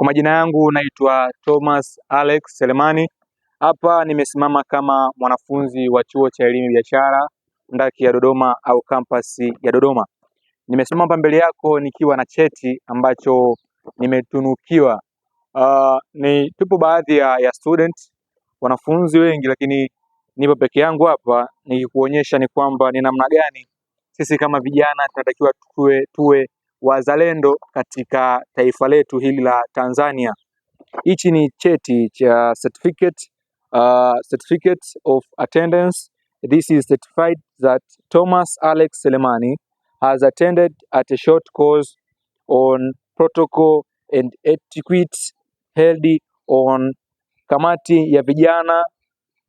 Kwa majina yangu naitwa Thomas Alex Selemani. Hapa nimesimama kama mwanafunzi wa chuo cha elimu ya biashara ndaki ya Dodoma au kampasi ya Dodoma. Nimesimama hapa mbele yako nikiwa na cheti ambacho nimetunukiwa. Uh, ni tupo baadhi ya, ya student wanafunzi wengi, lakini nipo peke yangu hapa nikikuonyesha ni kwamba ni namna gani sisi kama vijana tunatakiwa tuwe, tuwe wazalendo katika taifa letu hili la Tanzania. Hichi ni cheti cha certificate, uh, certificate of attendance. This is certified that Thomas Alex Selemani has attended at a short course on protocol and etiquette held on kamati ya vijana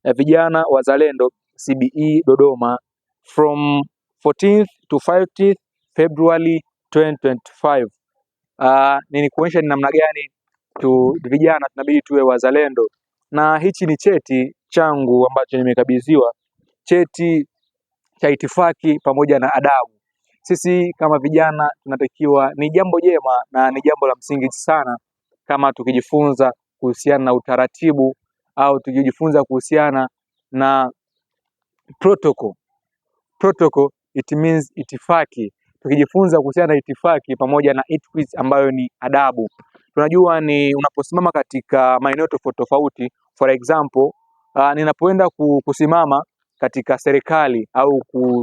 ya vijana wazalendo CBE Dodoma from 14th to 15th February 2025. Uh, ah, ni kuonyesha ni namna gani tu vijana tunabidi tuwe wazalendo, na hichi ni cheti changu ambacho nimekabidhiwa, cheti cha itifaki pamoja na adabu. Sisi kama vijana tunatakiwa, ni jambo jema na ni jambo la msingi sana kama tukijifunza kuhusiana na utaratibu au tukijifunza kuhusiana na protocol. Protocol it means itifaki tukijifunza kuhusiana na itifaki pamoja na ethics ambayo ni adabu. Tunajua ni unaposimama katika maeneo tofauti tofauti, for example uh, ninapoenda kusimama katika serikali au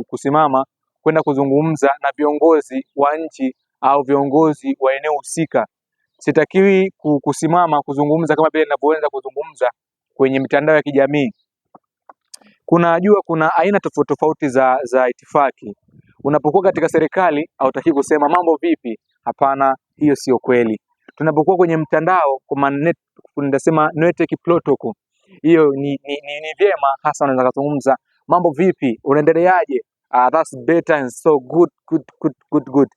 kusimama kwenda kuzungumza na viongozi wa nchi au viongozi wa eneo husika, sitakiwi kusimama kuzungumza kama vile ninavyoweza kuzungumza kwenye mitandao ya kijamii. Kunajua kuna aina tofauti tofauti za, za itifaki. Unapokuwa katika serikali hautaki kusema mambo vipi. Hapana, hiyo sio kweli. Tunapokuwa kwenye mtandao kwa net, tunasema network protocol, hiyo ni, ni, ni, ni vyema hasa unaweza kuzungumza mambo vipi, unaendeleaje? Uh, that's better and so good, good, good, good, good.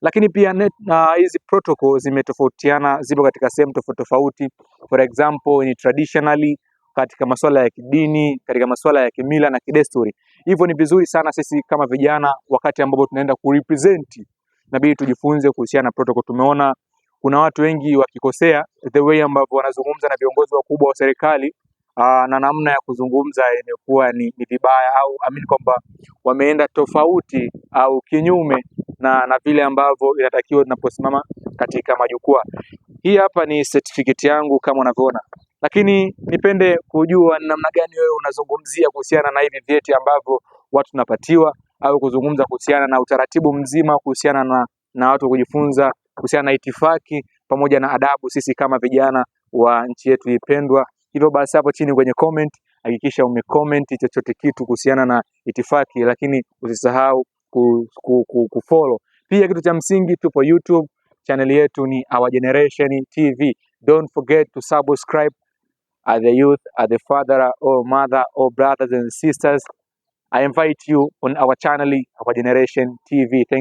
Lakini pia net, uh, hizi protocol zimetofautiana, zipo katika sehemu tofauti tofauti, for example ni traditionally katika masuala ya kidini, katika masuala ya kimila na kidesturi. Hivyo ni vizuri sana sisi kama vijana, wakati ambapo tunaenda kurepresent, nabidi tujifunze kuhusiana na protocol. Tumeona kuna watu wengi wakikosea the way ambavyo wanazungumza na viongozi wakubwa wa serikali na namna ya kuzungumza imekuwa ni, ni vibaya au amini kwamba wameenda tofauti au kinyume na, na vile ambavyo inatakiwa tunaposimama katika majukwaa. Hii hapa ni certificate yangu kama unavyoona lakini nipende kujua ni namna gani wewe unazungumzia kuhusiana na hivi vyeti ambavyo watu tunapatiwa au kuzungumza kuhusiana na utaratibu mzima kuhusiana na, na watu kujifunza kuhusiana na itifaki pamoja na adabu, sisi kama vijana wa nchi yetu ipendwa. Hivyo basi, hapo chini kwenye comment hakikisha umecomment chochote kitu kuhusiana na itifaki, lakini usisahau ku, ku, ku, kufollow. Pia kitu cha msingi, tupo YouTube, chaneli yetu ni Our Generation TV. Don't forget to subscribe. as a youth, as a father or mother or brothers and sisters, I invite you on our channel, our generation TV. Thank.